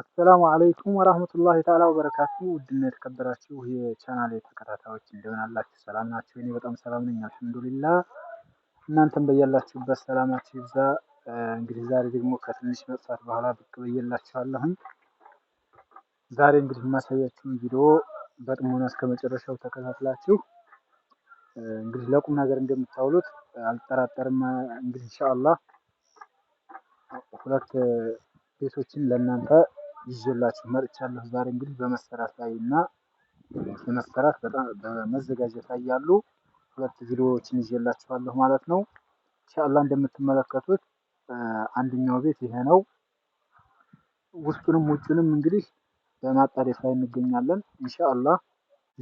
አሰላሙ አለይኩም ወራህመቱላሂ ተዓላ ወበረካቱ። ውድና የተከበራችሁ የቻናል ተከታታዮች እንደምን አላችሁ? ሰላም ናችሁ? እኔ በጣም ሰላም ነኝ አልሐምዱሊላ። እናንተም በያላችሁበት ሰላማችሁ ይብዛ። እንግዲህ ዛሬ ደግሞ ከትንሽ መጥፋት በኋላ ብቅ ብዬላችኋለሁኝ። ዛሬ እንግዲህ የማሳያችሁን ቪዲዮ በጥሞና እስከ መጨረሻው ተከታትላችሁ እንግዲህ ለቁም ነገር እንደምታውሉት አልጠራጠርም። እንግዲህ ኢንሻአላህ ሁለት ቤቶችን ለእናንተ ይዤላችሁ መጥቻለሁ። ዛሬ እንግዲህ በመሰራት ላይ እና ለመሰራት በጣም በመዘጋጀት ላይ ያሉ ሁለት ቪዲዮዎችን ይዤላችኋለሁ ማለት ነው። ኢንሻአላህ እንደምትመለከቱት አንደኛው ቤት ይሄ ነው። ውስጡንም ውጭንም እንግዲህ በማጣሪያ ላይ እንገኛለን ኢንሻአላህ።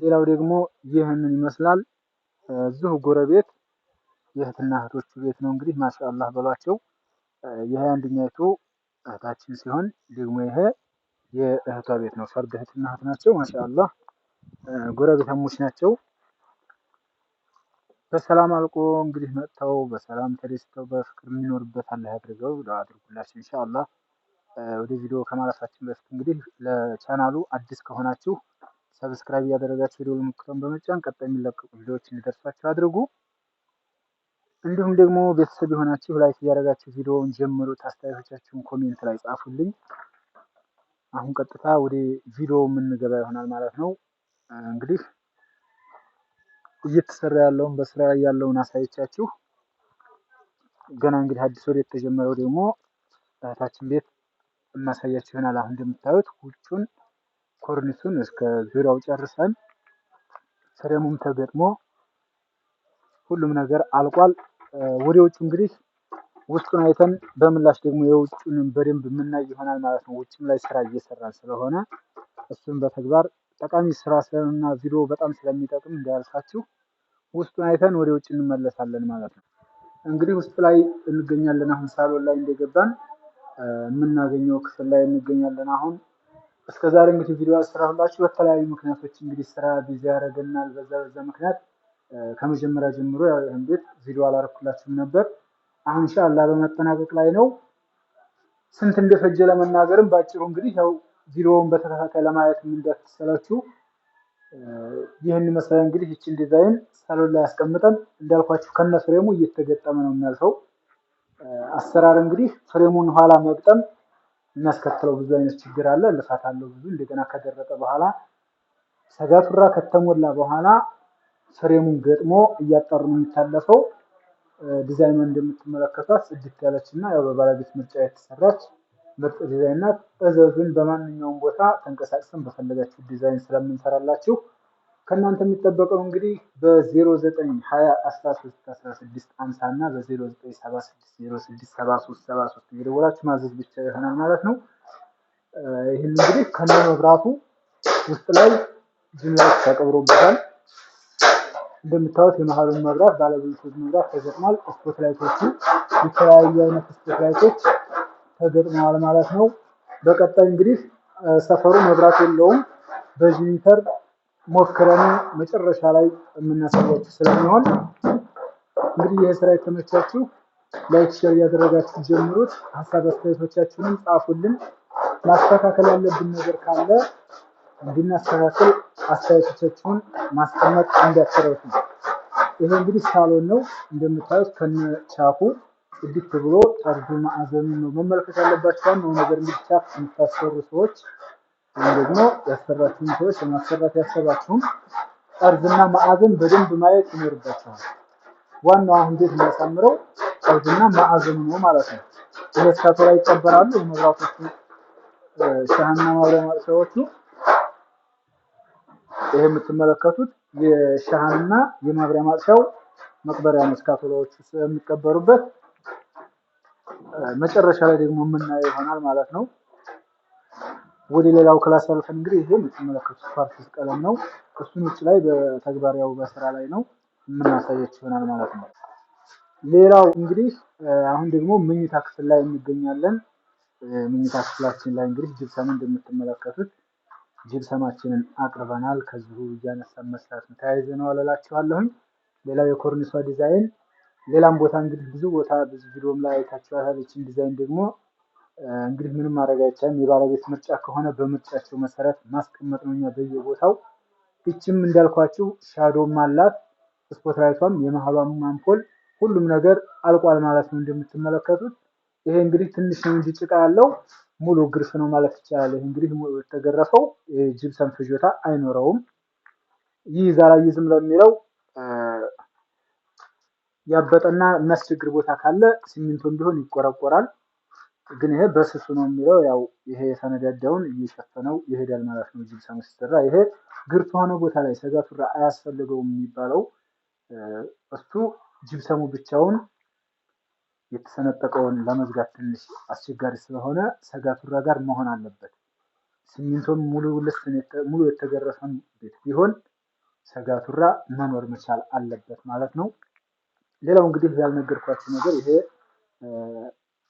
ሌላው ደግሞ ይህንን ይመስላል። እዚሁ ጎረቤት የእህትና እህቶቹ ቤት ነው እንግዲህ ማሻአላህ በሏቸው። ይሄ አንደኛይቱ እህታችን ሲሆን ደግሞ ይሄ የእህቷ ቤት ነው። ፈርድ እህትና እህት ናቸው። ማሻአላህ ጎረቤታሞች ናቸው። በሰላም አልቆ እንግዲህ መጥተው በሰላም ተደስተው በፍቅር የሚኖርበት አላህ ያድርገው። አድርጉላቸው ኢንሻአላህ። ወደ ቪዲዮ ከማለፋችን በፊት እንግዲህ ለቻናሉ አዲስ ከሆናችሁ ሰብስክራይብ እያደረጋችሁ የደወል ምልክቱን በመጫን ቀጣይ የሚለቀቁ ቪዲዮዎች እንዲደርሳችሁ አድርጉ። እንዲሁም ደግሞ ቤተሰብ የሆናችሁ ላይክ እያደረጋችሁ ቪዲዮውን ጀምሩት። አስተያየቶቻችሁን ኮሜንት ላይ ጻፉልኝ። አሁን ቀጥታ ወደ ቪዲዮ የምንገባ ይሆናል ማለት ነው። እንግዲህ እየተሰራ ያለውን በስራ ላይ ያለውን አሳየቻችሁ ገና እንግዲህ አዲስ ወደ የተጀመረው ደግሞ እህታችን ቤት የማሳያችሁ ይሆናል። አሁን እንደምታዩት ውጩን ኮርኒሱን እስከ ዙሪያው ጨርሰን ሰረሙም ተገጥሞ ሁሉም ነገር አልቋል። ወደ ውጭ እንግዲህ ውስጡን አይተን በምላሽ ደግሞ የውጭውን በደንብ የምናይ ይሆናል ማለት ነው። ውጭም ላይ ስራ እየሰራን ስለሆነ እሱም በተግባር ጠቃሚ ስራ ስለሆነና ቪዲዮ በጣም ስለሚጠቅም እንዳያልሳችሁ ውስጡን አይተን ወደ ውጭ እንመለሳለን ማለት ነው። እንግዲህ ውስጥ ላይ እንገኛለን። አሁን ሳሎን ላይ እንደገባን የምናገኘው ክፍል ላይ እንገኛለን። አሁን እስከዛሬ እንግዲህ ቪዲዮ አልሰራሁላችሁ በተለያዩ ምክንያቶች እንግዲህ ስራ ቢዚ ያደረገናል። በዛ በዛ ምክንያት ከመጀመሪያ ጀምሮ ያው ይህን ቤት ቪዲዮ አላረኩላችሁም ነበር። አሁን ኢንሻአላህ በመጠናቀቅ ላይ ነው። ስንት እንደፈጀ ለመናገርም ባጭሩ እንግዲህ ያው ቪዲዮውን በተከታታይ ለማየት እንዳትሰላችሁ ይህን መሰለ እንግዲህ ይችን ዲዛይን ሳሎን ላይ አስቀምጠን እንዳልኳችሁ ከነ ፍሬሙ እየተገጠመ ነው የሚያልፈው። አሰራር እንግዲህ ፍሬሙን ኋላ መግጠም የሚያስከትለው ብዙ አይነት ችግር አለ፣ ልፋት አለው ብዙ። እንደገና ከደረጠ በኋላ ሰጋቱራ ከተሞላ በኋላ ፍሬሙን ገጥሞ እያጠሩ ነው የሚታለፈው። ዲዛይኑ እንደምትመለከቷት ጽድት ያለች እና ያው በባለቤት ምርጫ የተሰራች ምርጥ ዲዛይን ናት። እዘዙን በማንኛውም ቦታ ተንቀሳቅሰን በፈለጋችሁ ዲዛይን ስለምንሰራላችሁ ከእናንተ የሚጠበቀው እንግዲህ በ0920131650 እና በ0976067373 እየደወላችሁ ማዘዝ ብቻ ይሆናል ማለት ነው። ይህን እንግዲህ ከነ መብራቱ ውስጥ ላይ ጅምላ ተቀብሮበታል። እንደምታዩት የመሀሉን መብራት ባለብዙ መብራት ተገጥሟል። ስፖት ላይቶቹ የተለያዩ አይነት ስፖት ላይቶች ተገጥመዋል ማለት ነው። በቀጣይ እንግዲህ ሰፈሩ መብራት የለውም። በዚህ ሚተር ሞክረን መጨረሻ ላይ የምናሳያችሁ ስለሚሆን እንግዲህ ይህ ስራ የተመቻችሁ ላይክ፣ ሼር እያደረጋችሁ ጀምሩት። ሀሳብ አስተያየቶቻችሁንም ጻፉልን። ማስተካከል ያለብን ነገር ካለ እንድናስተካከል አስተያየቶቻችሁን ማስቀመጥ እንዳትረሱ። ይሄ እንግዲህ ሳሎን ነው እንደምታዩት ከነቻኩ ጽድት ብሎ ጠርዙ ማዕዘኑ ነው መመልከት ያለባቸው። ዋናው ነገር እንግዲህ ቻክ የምታሰሩ ሰዎች ወይም ደግሞ ያሰራችሁን ሰዎች ለማሰራት ያሰባችሁም ጠርዝና ማዕዘን በደንብ ማየት ይኖርባቸዋል። ዋናው አሁን እንዴት የሚያሳምረው ጠርዝና ማዕዘኑ ነው ማለት ነው። ሁለት ካቶ ላይ ይቀበራሉ የመብራቶቹ ሻህና ማብሪያ ማጥፊያዎቹ ይህ የምትመለከቱት የሻህንና የማብሪያ ማጥፊያው መቅበሪያ መስካቶላዎቹ የሚቀበሩበት መጨረሻ ላይ ደግሞ የምናየው ይሆናል ማለት ነው። ወደ ሌላው ክላስ ያልፈን እንግዲህ ይሄ የምትመለከቱት ፓርቲስ ቀለም ነው። እሱን ውጭ ላይ በተግባሪያው በስራ ላይ ነው የምናሳየች ይሆናል ማለት ነው። ሌላው እንግዲህ አሁን ደግሞ ምኝታ ክፍል ላይ እንገኛለን። ምኝታ ክፍላችን ላይ እንግዲህ ጅብሰም እንደምትመለከቱት ጅብሰማችንን አቅርበናል። ከዚሁ እያነሳን መስራት ተያይዘ ነው አለላችኋለሁኝ። ሌላው የኮርኒሷ ዲዛይን ሌላም ቦታ እንግዲህ ብዙ ቦታ ብዙ ቪዲዮም ላይ አይታችኋታል። ዲዛይን ደግሞ እንግዲህ ምንም ማድረግ አይቻልም። የባለቤት ምርጫ ከሆነ በምርጫቸው መሰረት ማስቀመጥ ነው እኛ በየቦታው። ይችም እንዳልኳችሁ ሻዶም አላት ስፖት ላይቷም የመሀሏም አምፖል ሁሉም ነገር አልቋል ማለት ነው እንደምትመለከቱት። ይሄ እንግዲህ ትንሽ ነው እንጂ ጭቃ ያለው ሙሉ ግርፍ ነው ማለት ይቻላል። ይሄ እንግዲህ የተገረፈው ጅብሰም ፍጆታ አይኖረውም። ይህ ነው ለሚለው ያበጠና የሚያስቸግር ቦታ ካለ ሲሚንቶም ቢሆን ይቆረቆራል። ግን ይሄ በስሱ ነው የሚለው ያው ይሄ የተነዳዳውን እየሸፈነው ይሄዳል ማለት ነው። ጅብሰም ሲሰራ ይሄ ግርፍ የሆነ ቦታ ላይ ሰጋቱራ አያስፈልገውም የሚባለው እሱ ጅብሰሙ ብቻውን የተሰነጠቀውን ለመዝጋት ትንሽ አስቸጋሪ ስለሆነ ሰጋቱራ ጋር መሆን አለበት። ሲሚንቶም ሙሉ ሙሉ የተገረፈን ቤት ቢሆን ሰጋቱራ መኖር መቻል አለበት ማለት ነው። ሌላው እንግዲህ ያልነገርኳቸው ነገር ይሄ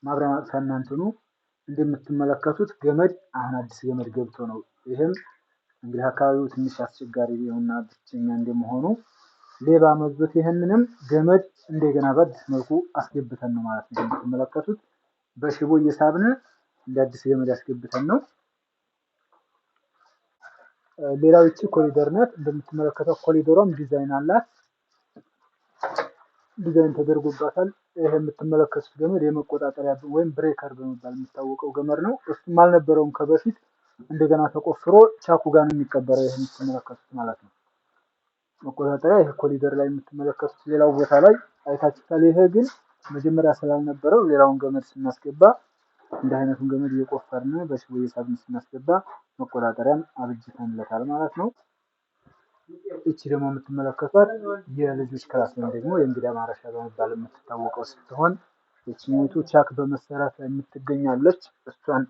ማብሪያ ማጥፊያ እናንትኑ እንደምትመለከቱት ገመድ አሁን አዲስ ገመድ ገብቶ ነው። ይህም እንግዲህ አካባቢው ትንሽ አስቸጋሪ እና ብቸኛ እንደመሆኑ ሌባ መዞት ይህንንም ገመድ እንደገና በአዲስ መልኩ አስገብተን ነው ማለት ነው። የምትመለከቱት በሽቦ እየሳብን እንደ አዲስ ገመድ አስገብተን ነው። ሌላው ይቺ ኮሪደር ናት። እንደምትመለከተው ኮሪደሯም ዲዛይን አላት፣ ዲዛይን ተደርጎባታል። ይሄ የምትመለከቱት ገመድ የመቆጣጠሪያ ወይም ብሬከር በመባል የሚታወቀው ገመድ ነው። እሱም አልነበረውም ከበፊት እንደገና ተቆፍሮ ቻኩ ጋር ነው የሚቀበረው። ይህ የምትመለከቱት ማለት ነው። መቆጣጠሪያ ይህ ኮሪደር ላይ የምትመለከቱት ሌላው ቦታ ላይ አይታችሁታል። ይሄ ግን መጀመሪያ ስላልነበረው ሌላውን ገመድ ስናስገባ እንደ አይነቱን ገመድ እየቆፈርን በሽቦ እየሳብን ስናስገባ መቆጣጠሪያን አብጅተንለታል ማለት ነው። እቺ ደግሞ የምትመለከቷት የልጆች ክላስ ወይም ደግሞ የእንግዳ ማረሻ በመባል የምትታወቀው ስትሆን የችኝቱ ቻክ በመሰራት ላይ የምትገኛለች። እሷን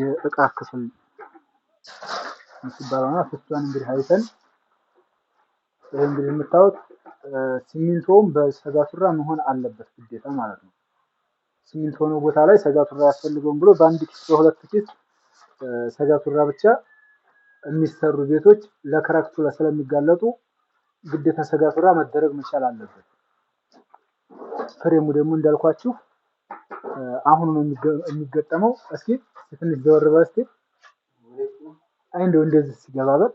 የእቃ ክፍል የምትባለውና እሷን እንግዲህ አይተን ይህ እንግዲህ የምታዩት ሲሚንቶውም በሰጋቱራ መሆን አለበት ግዴታ ማለት ነው። ሲሚንቶ ሆኖ ቦታ ላይ ሰጋቱራ አያስፈልገውም ብሎ በአንድ ኪስ በሁለት ኪስ ሰጋቱራ ብቻ የሚሰሩ ቤቶች ለክራክቹላ ስለሚጋለጡ ግዴታ ሰጋቱራ መደረግ መቻል አለበት። ፍሬሙ ደግሞ እንዳልኳችሁ አሁኑ ነው የሚገጠመው። እስኪ ትንሽ ዘወር በል እስኪ እንደው እንደዚህ ሲገባበት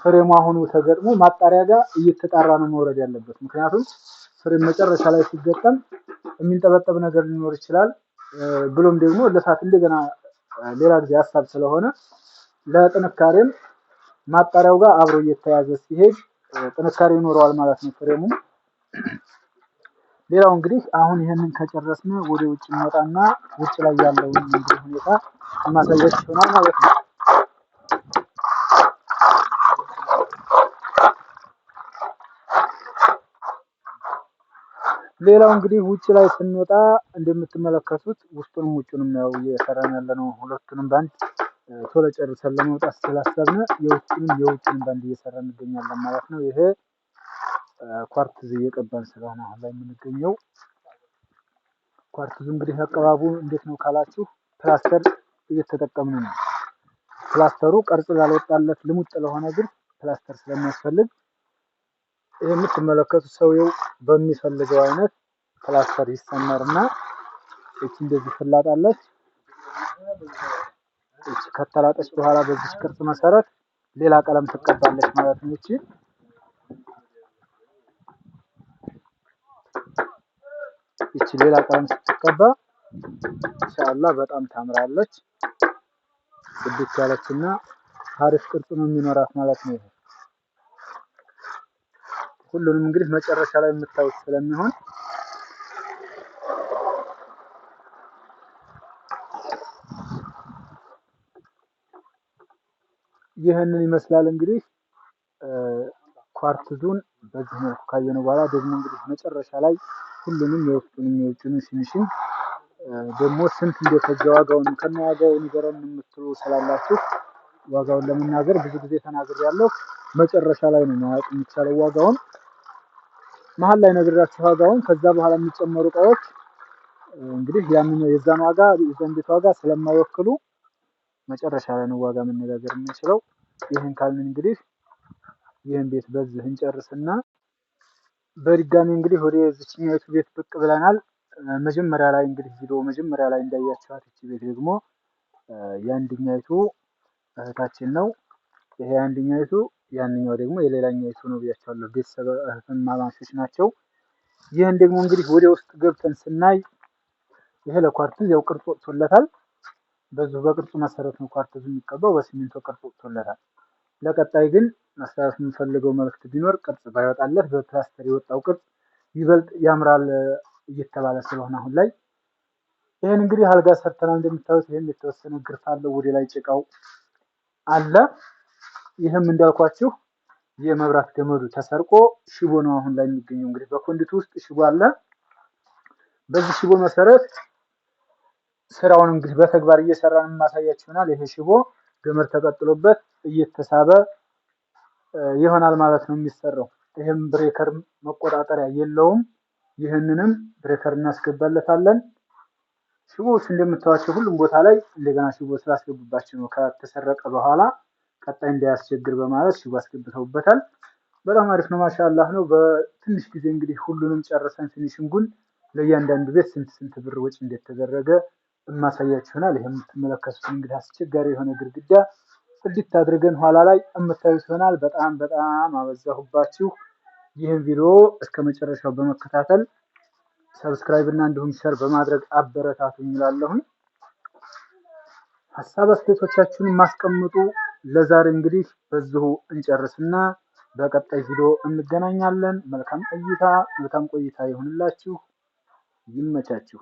ፍሬሙ አሁኑ ተገጥሞ ማጣሪያ ጋር እየተጣራ ነው መውረድ ያለበት። ምክንያቱም ፍሬም መጨረሻ ላይ ሲገጠም የሚንጠበጠብ ነገር ሊኖር ይችላል። ብሎም ደግሞ ለሳት እንደገና ሌላ ጊዜ ሀሳብ ስለሆነ ለጥንካሬም ማጣሪያው ጋር አብሮ እየተያዘ ሲሄድ ጥንካሬ ይኖረዋል ማለት ነው ፍሬሙ። ሌላው እንግዲህ አሁን ይህንን ከጨረስን ወደ ውጭ እንወጣና ውጭ ላይ ያለውን ሁኔታ ማሳየት ይሆናል ማለት ነው። ሌላው እንግዲህ ውጭ ላይ ስንወጣ እንደምትመለከቱት ውስጡንም ውጭንም ያው እየሰራን ነው። ሁለቱንም ባንድ ቶሎ ጨርሰን ለመውጣት ስላሰብነ የውጭንም የውጭንም ባንድ እየሰራን እንገኛለን ማለት ነው። ይሄ ኳርትዝ እየቀባን ስለሆነ አሁን ላይ የምንገኘው። ኳርትዙ እንግዲህ አቀባቡ እንዴት ነው ካላችሁ ፕላስተር እየተጠቀምን ነው። ፕላስተሩ ቀርጽ ላልወጣለት ልሙጥ ለሆነ ግን ፕላስተር ስለሚያስፈልግ ይህ የምትመለከቱት ሰውየው በሚፈልገው አይነት ፕላስተር ይሰመርና እቺ እንደዚህ ትላጣለች። እቺ ከተላጠች በኋላ በዚች ቅርጽ መሰረት ሌላ ቀለም ትቀባለች ማለት ነው። እቺ እቺ ሌላ ቀለም ስትቀባ ኢንሻአላህ በጣም ታምራለች። ጽድት እና አሪፍ ቅርጽ ነው የሚኖራት ማለት ነው። ሁሉንም እንግዲህ መጨረሻ ላይ የምታዩት ስለሚሆን ይህንን ይመስላል እንግዲህ ኳርትዙን በዚህ መልኩ ካየነው በኋላ ደግሞ እንግዲህ መጨረሻ ላይ ሁሉንም የውስጡንም የውጭንም ፊኒሽንግ ደግሞ ስንት እንደፈጀ ዋጋውን ከነ ዋጋው ንገረን የምትሉ ስላላችሁ ዋጋውን ለመናገር ብዙ ጊዜ ተናግር ያለው መጨረሻ ላይ ነው ማወቅ የሚቻለው ዋጋውን። መሀል ላይ ነግራችሁ ዋጋውን ከዛ በኋላ የሚጨመሩ እቃዎች እንግዲህ ያንን የዛን ዋጋ የዘንቤት ዋጋ ስለማይወክሉ መጨረሻ ላይ ነው ዋጋ መነጋገር የምንችለው። ይህን ካልን እንግዲህ ይህን ቤት በዚህ እንጨርስና በድጋሚ እንግዲህ ወደ ዝችኛዊቱ ቤት ብቅ ብለናል። መጀመሪያ ላይ እንግዲህ ቪዲዮ መጀመሪያ ላይ እንዳያቸዋት እቺ ቤት ደግሞ የአንድኛይቱ እህታችን ነው። ይሄ የአንድኛይቱ ያንኛው ደግሞ የሌላኛይቱ ነው ብያቸዋለሁ። ቤተሰብ እህትማማቾች ናቸው። ይህን ደግሞ እንግዲህ ወደ ውስጥ ገብተን ስናይ ይሄ ለኳርትዝ ያው ቅርጽ ወጥቶለታል። በዚሁ በቅርጹ መሰረት ነው ኳርትዝ የሚቀባው በሲሚንቶ ቅርጽ ወጥቶለታል። ለቀጣይ ግን መስራት የምንፈልገው መልክት ቢኖር ቅርጽ ባይወጣለት በፕላስተር የወጣው ቅርጽ ይበልጥ ያምራል እየተባለ ስለሆነ አሁን ላይ ይህን እንግዲህ አልጋ ሰርተናል። እንደምታዩት ይህም የተወሰነ ግርፍ አለው። ወደ ላይ ጭቃው አለ። ይህም እንዳልኳችሁ የመብራት ገመዱ ተሰርቆ ሽቦ ነው አሁን ላይ የሚገኘው። እንግዲህ በኮንዲቱ ውስጥ ሽቦ አለ። በዚህ ሽቦ መሰረት ስራውን እንግዲህ በተግባር እየሰራን የማሳያችሁ ይሆናል። ይሄ ሽቦ ገመድ ተቀጥሎበት እየተሳበ ይሆናል ማለት ነው የሚሰራው። ይህም ብሬከር መቆጣጠሪያ የለውም። ይህንንም ብሬከር እናስገባለታለን። ሽቦዎች እንደምታዋቸው ሁሉም ቦታ ላይ እንደገና ሽቦ ስላስገቡባቸው ነው ከተሰረቀ በኋላ ቀጣይ እንዳያስቸግር በማለት ሽቦ አስገብተውበታል። በጣም አሪፍ ነው፣ ማሻላህ ነው። በትንሽ ጊዜ እንግዲህ ሁሉንም ጨርሰን ፊኒሽንጉን ለእያንዳንዱ ቤት ስንት ስንት ብር ወጪ እንደተደረገ የማሳያችሁ ይሆናል። ይህ የምትመለከቱት እንግዲህ አስቸጋሪ የሆነ ግድግዳ ጽድት አድርገን ኋላ ላይ የምታዩት ይሆናል። በጣም በጣም አበዛሁባችሁ። ይህን ቪዲዮ እስከ መጨረሻው በመከታተል ሰብስክራይብ እና እንዲሁም ሸር በማድረግ አበረታቱ እላለሁኝ። ሀሳብ አስተያየቶቻችሁን ማስቀምጡ። ለዛሬ እንግዲህ በዚሁ እንጨርስና በቀጣይ ቪዲዮ እንገናኛለን። መልካም ቆይታ መልካም ቆይታ ይሁንላችሁ። ይመቻችሁ።